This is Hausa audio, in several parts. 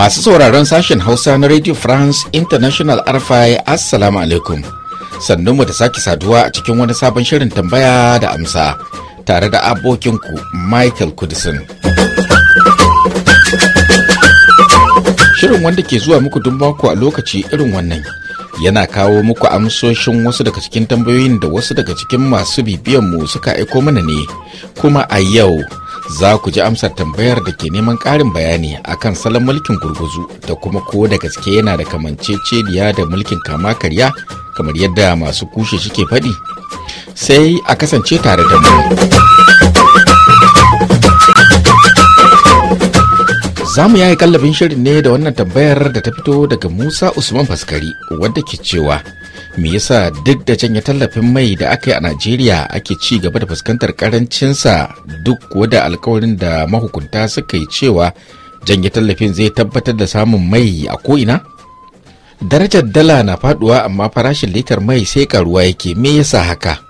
Masu sauraron sashen Hausa na Radio France International RFI Assalamu alaikum. Sannu mu da sake saduwa a cikin wani sabon shirin tambaya da amsa tare da abokinku Michael Kudisin. Shirin wanda ke zuwa muku duk mako a lokaci irin wannan yana kawo muku amsoshin wasu daga cikin tambayoyin da wasu daga cikin masu bibiyanmu suka aiko mana ne kuma a yau za ku ji amsar tambayar da ke neman ƙarin bayani akan salon mulkin gurguzu da kuma ko da gaske yana da kamanceceniya da mulkin kama karya kamar yadda masu kushe shi ke faɗi sai a kasance tare da mu. Za mu yayi kallafin shirin ne da wannan tambayar da ta fito daga Musa Usman Faskari wadda ke cewa me yasa duk da canye tallafin mai da aka yi a Najeriya ake ci gaba da fuskantar karancinsa duk kuwa alkawarin da mahukunta suka yi cewa janye tallafin zai tabbatar da samun mai a ko'ina? Darajar dala na faduwa amma farashin litar mai sai karuwa yake me yasa haka?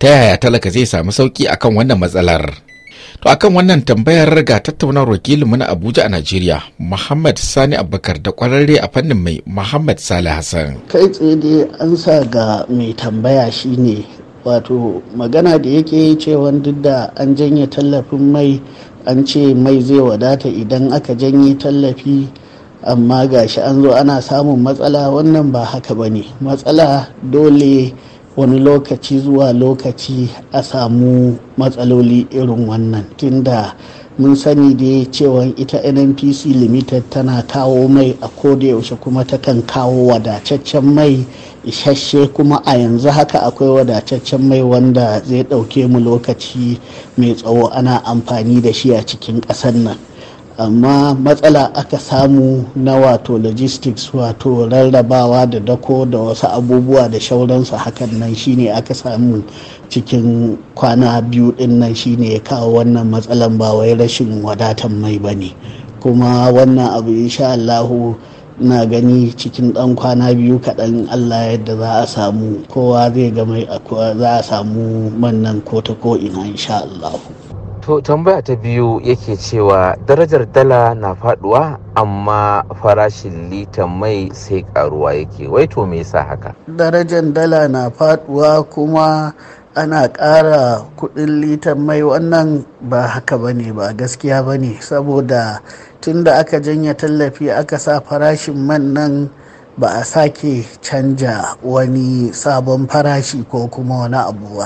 Ta yaya talaka zai samu sauki akan wannan matsalar? To akan wannan tambayar ga tattaunar wakilinmu na Abuja a Najeriya, Muhammad Sani Abubakar da kwararre a fannin mai Muhammad Salih Hassan. Kai tsaye dai an sa ga mai tambaya shine wato magana da yake cewa duk da an janye tallafin mai an ce mai zai wadata idan aka janye tallafi amma gashi an zo ana samun matsala wannan ba haka ba ne matsala dole wani lokaci zuwa lokaci a samu matsaloli irin wannan tunda mun sani da cewa ita nnpc limited tana kawo mai a yaushe kuma takan kawo wadataccen mai isasshe kuma a yanzu haka akwai wadataccen mai wanda zai ɗauke mu lokaci mai tsawo ana amfani da shi a cikin ƙasar nan amma matsala aka samu na wato logistics wato rarrabawa da dako da wasu abubuwa da shauransu hakan nan shine aka samu cikin kwana biyu din nan shine ya kawo wannan matsalan ba wai rashin wadatan mai ba ne kuma wannan abu insha Allahu na gani cikin dan kwana biyu kaɗan Allah yadda za a samu kowa zai ga mai za a samu mannan ko ta ko ina insha Allahu to tambaya ta biyu yake cewa darajar dala na faduwa amma farashin litan mai sai karuwa yake wai to me sa haka darajar dala na faduwa kuma ana ƙara kuɗin litan mai wannan ba haka ba ne ba gaskiya ba ne saboda tun da aka janya tallafi aka sa farashin man nan ba a sake canja wani sabon farashi ko kuma wani abu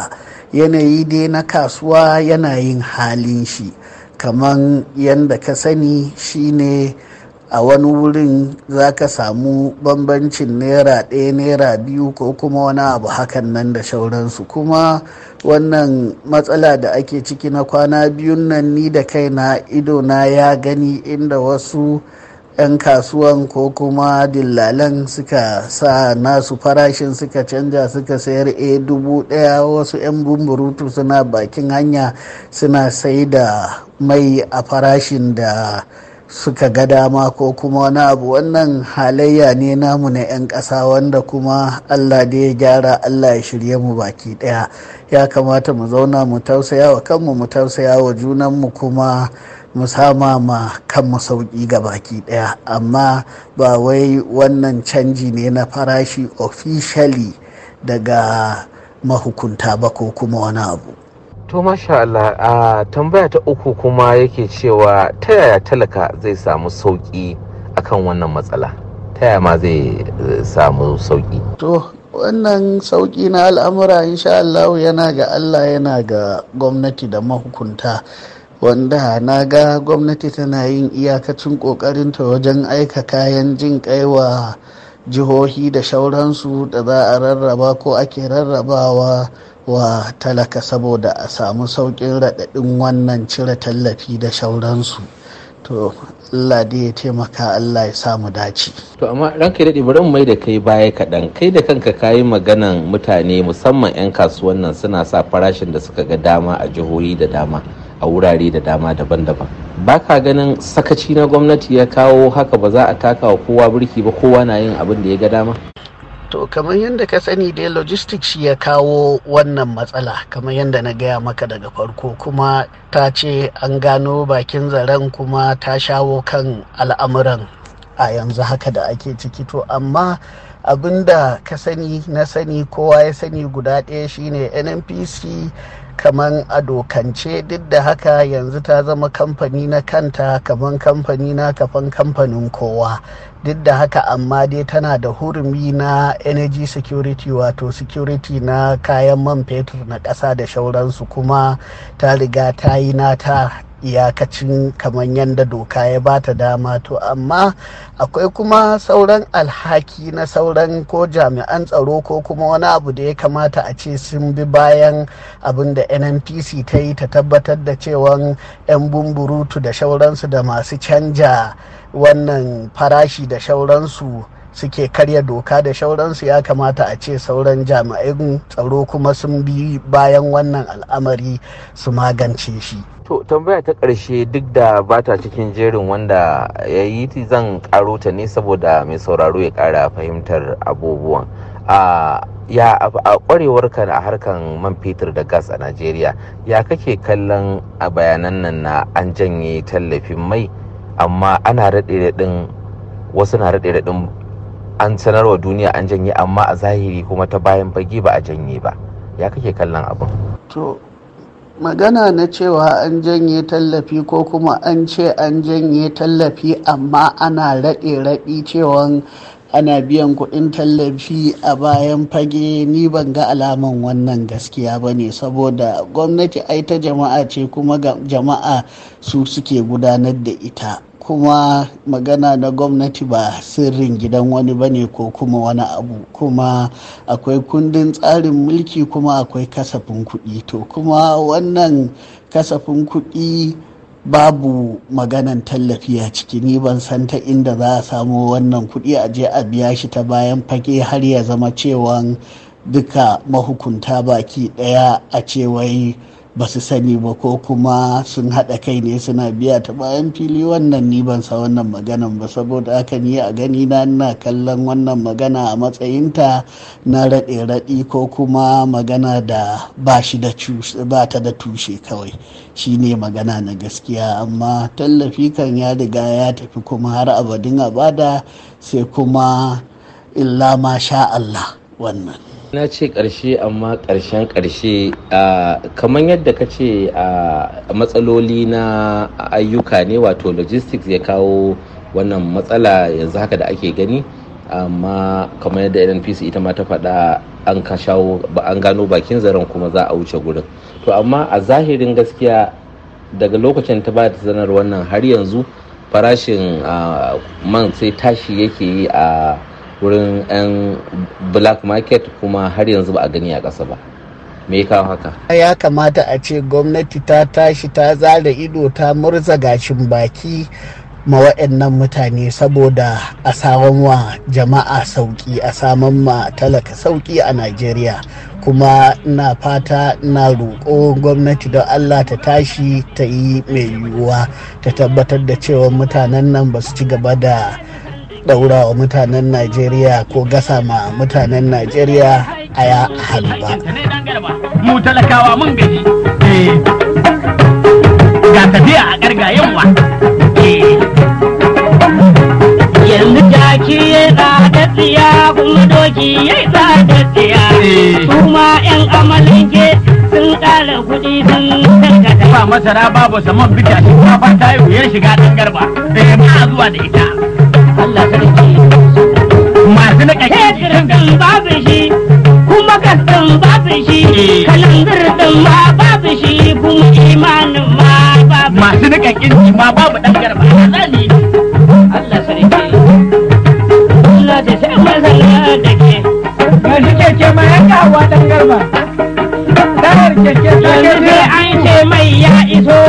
yanayi dai na kasuwa yana yin halin shi kaman yadda ka sani shine a wani wurin za ka samu bambancin naira ɗaya naira biyu ko kuma wani abu hakan nan da shauransu kuma wannan matsala da ake ciki na kwana biyun nan ni da kaina idona ya gani inda wasu 'yan kasuwan ko kuma dillalan suka sa nasu farashin suka canja suka sayar a eh, dubu daya wasu 'yan bumburutu suna bakin hanya suna sai da mai a farashin da suka ga dama ko kuma wani abu wannan halayya ne namu na 'yan ƙasa wanda kuma allah da ya gyara allah ya shirye mu baki daya ya kamata mu zauna mu tausaya wa kanmu mu tausaya wa junanmu kuma mu ma kanmu sauƙi ga baki ɗaya amma ba wai wannan canji ne na farashi officially daga mahukunta ba ko kuma wani abu to masha Allah a tambaya ta uku kuma yake cewa ta yaya talaka zai samu sauƙi akan wannan matsala ta yaya ma zai eh, samu sauƙi to wannan sauƙi na al'amura insha Allah yana ga Allah yana ga gwamnati da mahukunta wanda na ga gwamnati tana yin iyakacin ƙoƙarinta wajen aika kayan jin kaiwa jihohi da shauransu da za a rarraba ko ake rarrabawa wa talaka saboda a samu sauƙin raɗaɗin wannan cire tallafi da shauransu to Allah da ya taimaka Allah ya samu dace. To amma ranka daɗe bari mai da kai baya kaɗan kai da kanka kayi maganan mutane musamman 'yan kasuwan nan suna sa farashin da suka ga dama a jihohi da dama. a wurare da dama daban-daban ba ka ganin sakaci na gwamnati ya kawo haka ba za a taka wa kowa birki ba kowa na yin abin da ya ga dama to kamar yadda ka sani dai logistics ya kawo wannan matsala kamar yadda na gaya maka daga farko kuma ta ce an gano bakin zaren kuma ta shawo kan al'amuran a yanzu haka da ake ciki to amma abin da ka sani na sani kowa ya sani guda ɗaya shine nnpc kaman a dokance duk da haka yanzu ta zama kamfani na kanta kamar kamfani na kafan kamfanin kowa duk da haka amma dai tana da hurumi na energy security wato security na kayan man fetur na ƙasa da shauransu kuma ta riga ta yi nata iyakacin kamar yadda doka ya ba ta dama to amma akwai kuma sauran alhaki na sauran ko jami'an tsaro ko kuma wani abu da ya kamata a ce sun bi bayan abin da nnpc ta yi ta tabbatar da cewan 'yan bumburutu da shauransu da masu canja wannan farashi da shauransu suke karya doka da shauransu ya kamata a ce sauran jami'an tsaro kuma sun bi bayan wannan al'amari su magance shi to tambaya ta karshe duk da bata cikin jerin wanda ya yi zan karo ta ne saboda mai sauraro ya ƙara fahimtar abubuwan a ya a ka a harkan man fetur da gas a najeriya ya kake kallon a bayanan nan na an janye tallafin mai amma ana raɗe-raɗin wasu na raɗe-raɗin an sanar wa duniya an janye amma a zahiri kuma ta bayan fage ba a janye ba ya kake kallon abin to magana na cewa an janye tallafi ko kuma an ce an janye tallafi amma ana raɗe raɗi cewa ana biyan kuɗin tallafi a bayan fage ni ban ga alaman wannan gaskiya ba ne saboda gwamnati ai ta jama'a ce kuma jama'a su suke gudanar da ita kuma magana na gwamnati ba sirrin gidan wani ba ne ko kuma wani abu kuma akwai kundin tsarin mulki kuma akwai kasafin kuɗi to kuma wannan kasafin kuɗi babu maganan tallafi a ciki ni ban san ta inda za a samu wannan kuɗi a je a biya shi ta bayan fage har ya zama cewan duka mahukunta baki ɗaya a cewai ba su sani ba ko kuma sun haɗa kai ne suna biya ta bayan fili wannan ni ban sa wannan maganan ba saboda haka yi a gani na ina kallon wannan magana a matsayinta na raɗe raɗi ko kuma magana da ba shi da ba ta da tushe kawai shi ne magana na gaskiya amma tallafi kan ya riga ya tafi kuma har abadin abada sai kuma illa ma sha Allah wannan na ce ƙarshe amma ƙarshen ƙarshe kamar yadda ka ce matsaloli na ayyuka ne wato logistics ya kawo wannan matsala yanzu haka da ake gani amma kamar yadda nnpc ita ma ta faɗa an ka shawo an gano bakin zaren kuma za a wuce gurin to amma a zahirin gaskiya daga lokacin ta ba da zanar wannan har yanzu farashin man sai tashi yake yi a wurin 'yan black market kuma har yanzu ba a gani a ƙasa ba me kawo haka ya kamata a ce gwamnati ta tashi ta zara ido ta murza gashin baki ma wa'annan mutane saboda a saman wa jama'a sauƙi a saman ma talaka sauƙi a najeriya kuma na fata na roƙo gwamnati don allah ta tashi ta yi mai yiwuwa ta tabbatar da cewa mutanen nan ba su ci gaba da ɗaura wa mutanen najeriya ko gasa ma mutanen najeriya a ya hannu ba mu talakawa mun gaji eh. ga tafiya a gargayen gargayenwa eh. yanzu jaki ya tsada tsiya kuma doki ya tsada tsiya su eh. ma 'yan amalin ke sun ƙara kuɗi sun tankata ba masara babu saman bita shi ta yi wuyar shiga ɗan garba sai zuwa da ita Allah sarki masu na kake din babu shi kuma gaskan babu shi eh. kalangar din ma babu shi kuma imanin ma babu masu na kake ma babu dan garba zani Allah sarki Allah da sai mazalla da ke yanzu keke ma ya kawo dan garba tayar keke ta keke an ce mai ya iso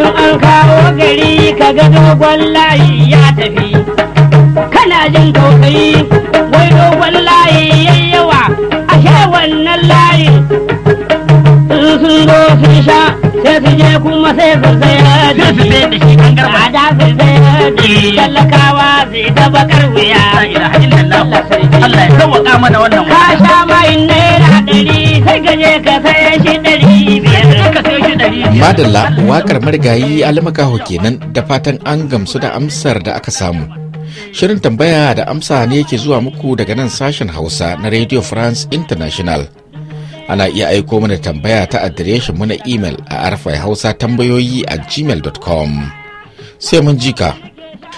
in an kawo gari ka ga dogon layi ya tafi kana jin tausayi wai dogon layi yayyawa ashe wannan layi in sun zo sun sha sai su je kuma sai su sayar da shi da su sayar da shi eh. talakawa zai ta bakar wuya Allah ya mana wannan ka sha mai naira ɗari sai gaje ka sai shi ɗari Madalla wakar marigayi alimakaho kenan da fatan an gamsu da amsar da aka samu. Shirin tambaya da amsa ne ke zuwa muku daga nan sashen Hausa na Radio France International. Ana iya aiko mana tambaya ta adireshin mu na imel a arfai hausa tambayoyi a gmail.com. Sai mun jika.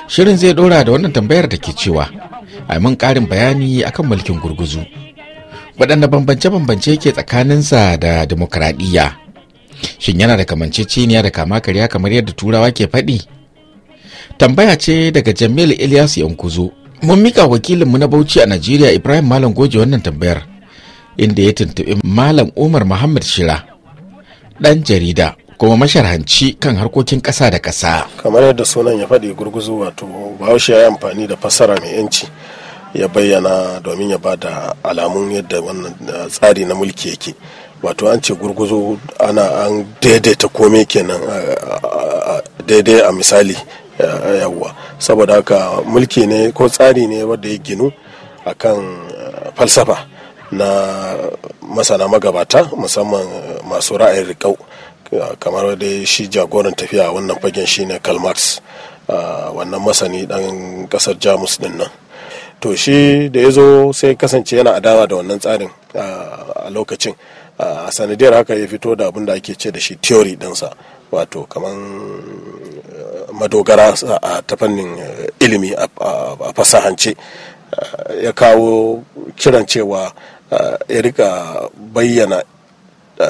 Shirin zai dora da wannan tambayar da ke cewa, a mun ƙarin bayani akan mulkin gurguzu. Waɗanne bambance-bambance ke tsakaninsa da demokradiyya. shin yana da ciniya da kama karya kamar yadda turawa ke faɗi tambaya ce daga jamil ilyas yankuzo mun mika wakilinmu na bauchi a najeriya ibrahim malam goji wannan tambayar inda ya tuntuɓi malam umar muhammad shira ɗan jarida kuma masharhanci kan harkokin ƙasa da ƙasa kamar yadda sunan ya faɗi gurguzu wato bahaushe ya yi amfani da fassara mai yanci ya bayyana domin ya ba da alamun yadda wannan eh, tsari na mulki yake wato an ce gurguzo ana an daidaita kome kenan daidai a misali yawwa saboda haka mulki ne ko tsari ne wadda ya ginu akan falsafa na masana magabata musamman masu ra'ayin rikau kamar da shi jagoran tafiya wannan fagen shine karl marx wannan masani dan kasar jamus din nan to shi da ya zo sai kasance yana adawa da wannan tsarin a lokacin a sanadiyar haka ya fito da abin da ake ce da shi theory dinsa wato kamar eh, madogara a ta fannin eh, ilimi a fasahance eh, ya kawo kiran cewa ya rika bayyana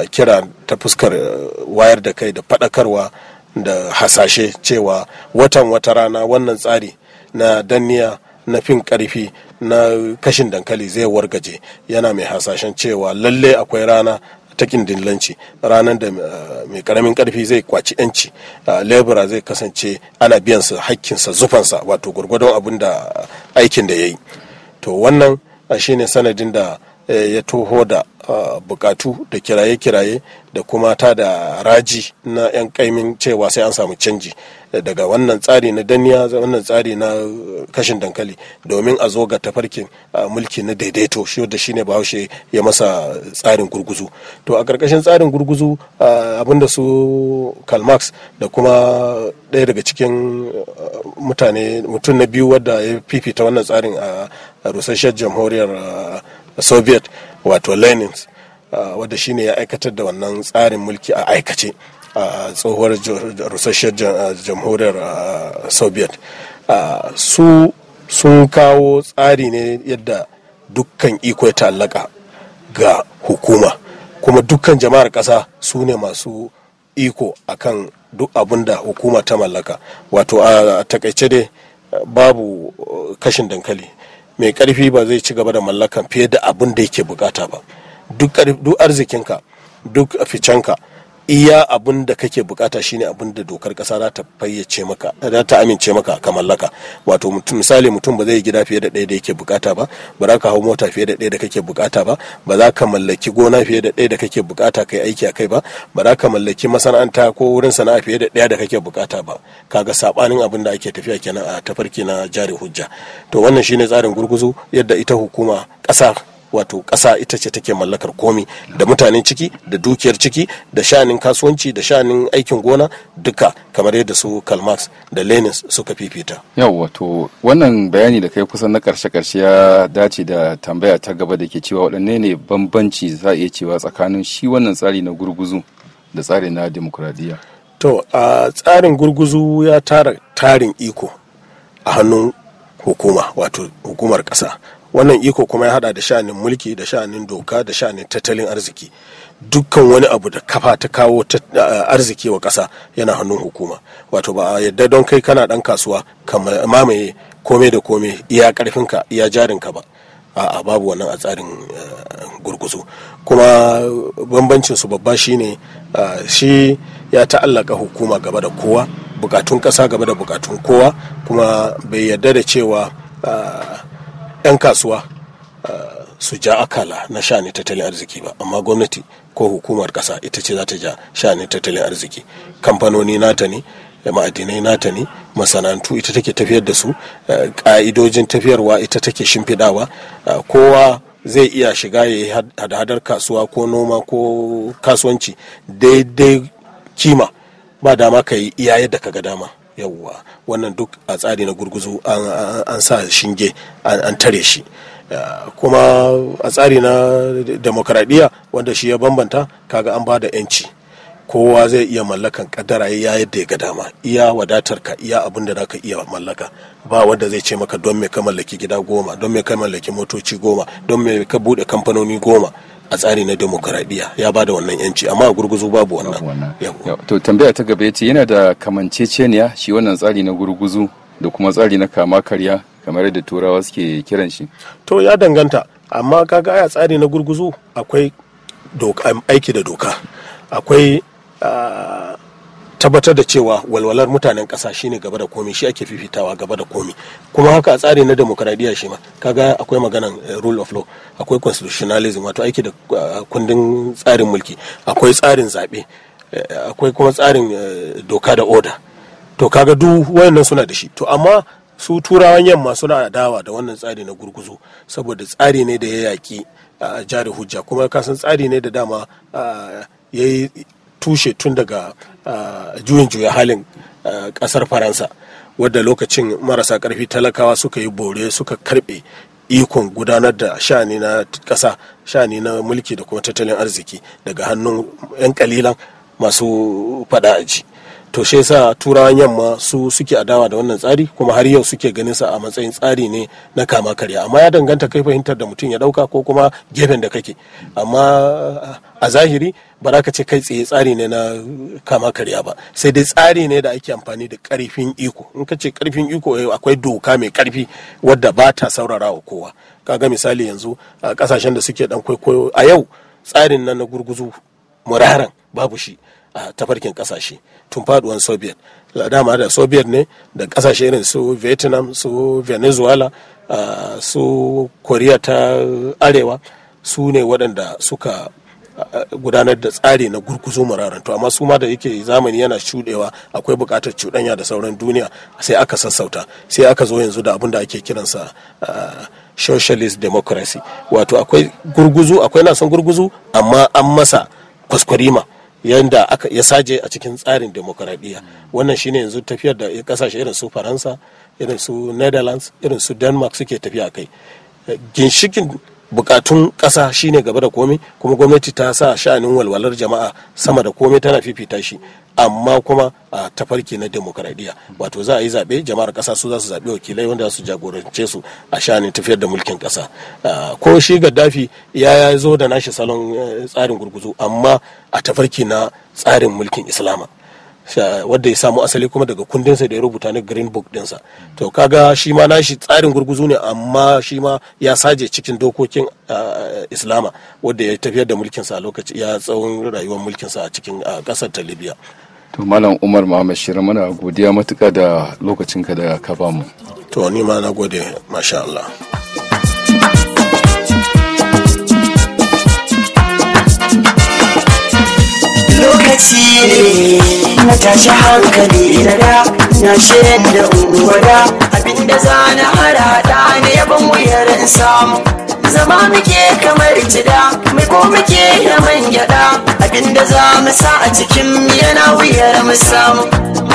kira ta fuskar wayar da kai da fadakarwa da hasashe cewa watan wata rana wannan tsari na danniya na fin karfi na kashin dankali zai wargaje yana mai hasashen cewa lalle akwai rana ta kindillanci ranar da eh, mai karamin karfi zai kwaci yanci eh, lebura zai kasance ana biyan biyansa hakkinsa zufansa wato gwargwadon abin da aikin da ya yi to wannan eh, shine sanadin da Eh, ya toho da ah, bukatu da kiraye-kiraye da kuma ta da raji na 'yan kaimin cewa sai an samu canji eh, daga wannan tsari na danniya wannan tsari na kashin dankali domin a zo ga tafarkin ah, mulki na daidaito shi da shi ne bahaushe ya masa tsarin gurguzu to a ƙarƙashin tsarin gurguzu ah, abinda su karl marx da kuma ɗaya daga cikin mutane mutum na biyu wadda ya fifita wannan tsarin a rusasshen jamhuriyar soviet wato lenin uh, wadda shine ya aikatar da wannan tsarin mulki a aikace a uh, tsohuwar rusasshiyar uh, jamhuriyar soviet su sun kawo tsari ne yadda dukkan iko ya ta'allaka ga hukuma kuma dukkan jama'ar ƙasa su ne masu iko akan duk abin da hukuma ta mallaka wato a takaice dai babu kashin dankali mai karfi ba zai ci gaba da mallakan fiye da abin da yake bukata ba duk arzikinka duk ficenka iya abin da kake bukata shine abin da dokar kasa za ta fayyace maka za ta amince maka ka mallaka wato misali mutum ba zai gida fiye da ɗaya da yake bukata ba ba za ka hau mota fiye da ɗaya da kake bukata ba ba za ka mallaki gona fiye da ɗaya da kake bukata kai aiki a kai ba ba za ka mallaki masana'anta ko wurin sana'a fiye da ɗaya da kake bukata ba ka ga sabanin abin da ake tafiya kenan a tafarki na jari hujja to wannan shine tsarin gurguzu yadda ita hukuma kasa. wato ƙasa ita ce take mallakar komi da mutanen ciki da dukiyar ciki da shanin kasuwanci da shanin aikin gona duka kamar yadda su Karl Marx da Lenin suka fifita. Yau wato wannan bayani da kai kusan na karshe-karshe ya dace da tambaya ta gaba da ke cewa waɗanne ne bambanci za a iya cewa tsakanin shi wannan tsari na gurguzu da tsari na demokuraɗiyya. To a tsarin gurguzu ya tara tarin iko a hannun hukuma wato hukumar ƙasa wannan iko kuma ya hada da sha'anin mulki da sha'anin doka da sha'anin tattalin arziki dukkan wani abu da kafa ta kawo ah, arziki wa ƙasa yana hannun hukuma wato ba a yadda don kai kana dan kasuwa ka mamaye kome da kome iya ƙarfinka iya jarinka ba a babu wannan a tsarin eh, gurguzu kuma bambancin su babba shine ah, shi ya ta'allaka hukuma gaba da kowa bukatun ƙasa gaba da bukatun kowa kuma bai yarda da cewa ah, 'yan kasuwa eh, su ja akala na shani tattalin arziki ba amma gwamnati ko hukumar kasa ita ce za ta ja shani tattalin arziki kamfanoni nata ne ma'adinai nata ne masana'antu ita take tafiyar da su eh, ƙa'idojin tafiyarwa ita take shimfiɗawa eh, kowa zai iya shiga ya yi hadahadar kasuwa ko noma ko kasuwanci daidai kima ba dama ka yi iya yadda ka ga dama yawwa wannan duk a tsari na gurguzu an sa shinge an tare shi kuma a tsari na demokradiyya wanda shi ya bambanta kaga an ba da 'yanci kowa zai iya mallakan kadara ya yadda ya ga dama iya wadatar ka iya abin da zaka iya mallaka ba wanda zai ce maka don me ka mallaki gida goma don me ka mallaki motoci goma don me ka bude kamfanoni goma a tsari na demokaradiyya ya ba da wannan yanci amma a gurguzu babu wannan to tambaya ta gaba yace yana da kamanceceniya shi wannan tsari na gurguzu da kuma tsari na kama karya kamar yadda turawa suke kiran shi to ya danganta amma kaga a tsari na gurguzu akwai aiki da doka akwai ah, tabbatar da cewa walwalar mutanen ƙasa shine gaba da komi shi ake fifitawa gaba da komi kuma haka a tsari na demokradiyya shi ma kaga akwai maganan eh, rule of law akwai constitutionalism wato aiki da ah, kundin tsarin mulki akwai tsarin zaɓe eh, akwai kuma tsarin eh, doka da oda to kaga duk wayannan suna da shi to amma su turawan yamma suna adawa da wannan tsari na gurguzu saboda tsari ne da ya yaƙi ah, jari hujja kuma kasan tsari ne da dama ah, ya yi tushe tun daga ah, juyin juya halin ah, ƙasar faransa wadda lokacin marasa karfi talakawa suka yi bore suka karɓe ikon gudanar da shani na ƙasa shani na mulki da kuma tattalin arziki daga hannun 'yan kalilan masu fada aji to shi yasa turawan yamma su suke adawa da wannan tsari kuma har yau suke ganin sa a matsayin tsari ne na kama karya amma ya danganta kai fahimtar da mutum ya dauka ko kuma gefen da kake amma a zahiri ba za ka ce kai tsaye tsari ne na kama karya ba sai dai tsari ne da ake amfani da karfin iko in ka ce karfin iko eh, akwai doka mai karfi wadda ba ta saurara wa kowa kaga misali yanzu a kasashen da suke dan kwaikwayo a yau tsarin nan na gurguzu muraran babu shi a tafarkin kasashe tun faduwan soviet dama da soviet ne da kasashe irin su vietnam su venezuela su korea ta arewa su ne waɗanda suka gudanar da tsari na gurguzo mararantu amma su ma da yake zamani yana shudewa akwai buƙatar cuɗanya da sauran duniya sai aka sassauta sai aka zo yanzu da abin da ake kiransa socialist democracy wato akwai gurguzu akwai nasan gurguzu amma an masa kwaskwarima yanda aka ya saje a cikin tsarin demokaradiyya wannan shine yanzu tafiyar da kasashe irin su faransa irin su netherlands irin su denmark suke tafiya kai ginshikin bukatun ƙasa shine gaba da komai kuma gwamnati ta sa sha'anin walwalar jama'a sama da komai tana fifita shi amma kuma a tafarki na demokradiyya wato za a yi zaɓe jama'ar ƙasa su za su zaɓi wakilai wanda su jagorance su a sha'anin tafiyar da mulkin ƙasa ko shi gaddafi ya zo da nashi salon eh, tsarin gurguzu amma a tafarki na tsarin mulkin islama wadda ya samu asali kuma daga kundinsa da ya rubuta na green book dinsa to kaga shi ma nashi tsarin gurguzu ne amma shi ma ya saje cikin dokokin islama wadda ya tafiyar da mulkinsa a lokaci ya tsawon rayuwar mulkinsa a cikin kasar ta libya to malam umar muhammad shira mana godiya matuka da lokacinka da ka bamu to ni ma na gode masha allah tasiri na tashi hankali na da na shaida ungwada abinda zana harada na yaban wuyar samu zama muke kamar cida mai ko muke ya man gyada Inda za mu sa a cikin yana wuyar mu samu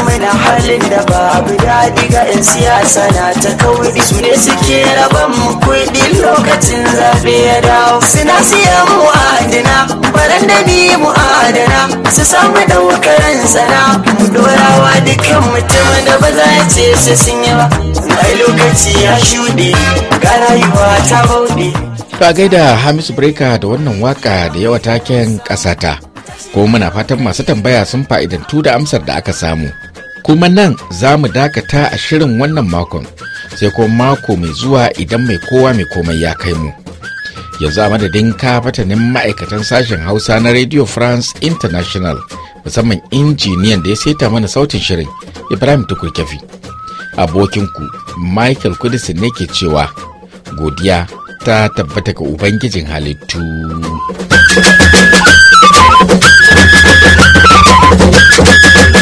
muna halin da babu daɗi ga 'yan siyasa na ta kawai su ne suke raban mu kuɗi lokacin zaɓe ya dawo suna siya mu adana baran da ni mu adana su samu ɗaukaran sana mu dorawa dukkan mutum da ba za ya ce su sun yi ba mai lokaci ya shuɗe ga rayuwa ta bauɗe. Ka gaida Hamisu Breka da wannan waka da yawa taken ƙasata. ko muna fatan masu tambaya sun fa'idantu da amsar da aka samu kuma nan za mu dakata a shirin wannan makon sai kuma mako mai zuwa idan mai kowa mai komai ya kai mu yanzu a madadin ka fatanin ma'aikatan sashen hausa na radio france international musamman injiniyan da ya saita mana sautin shirin ibrahim tukurkefi abokinku michael kudisin ne ke cewa godiya ta tabbata ga ubangijin halittu Thank you.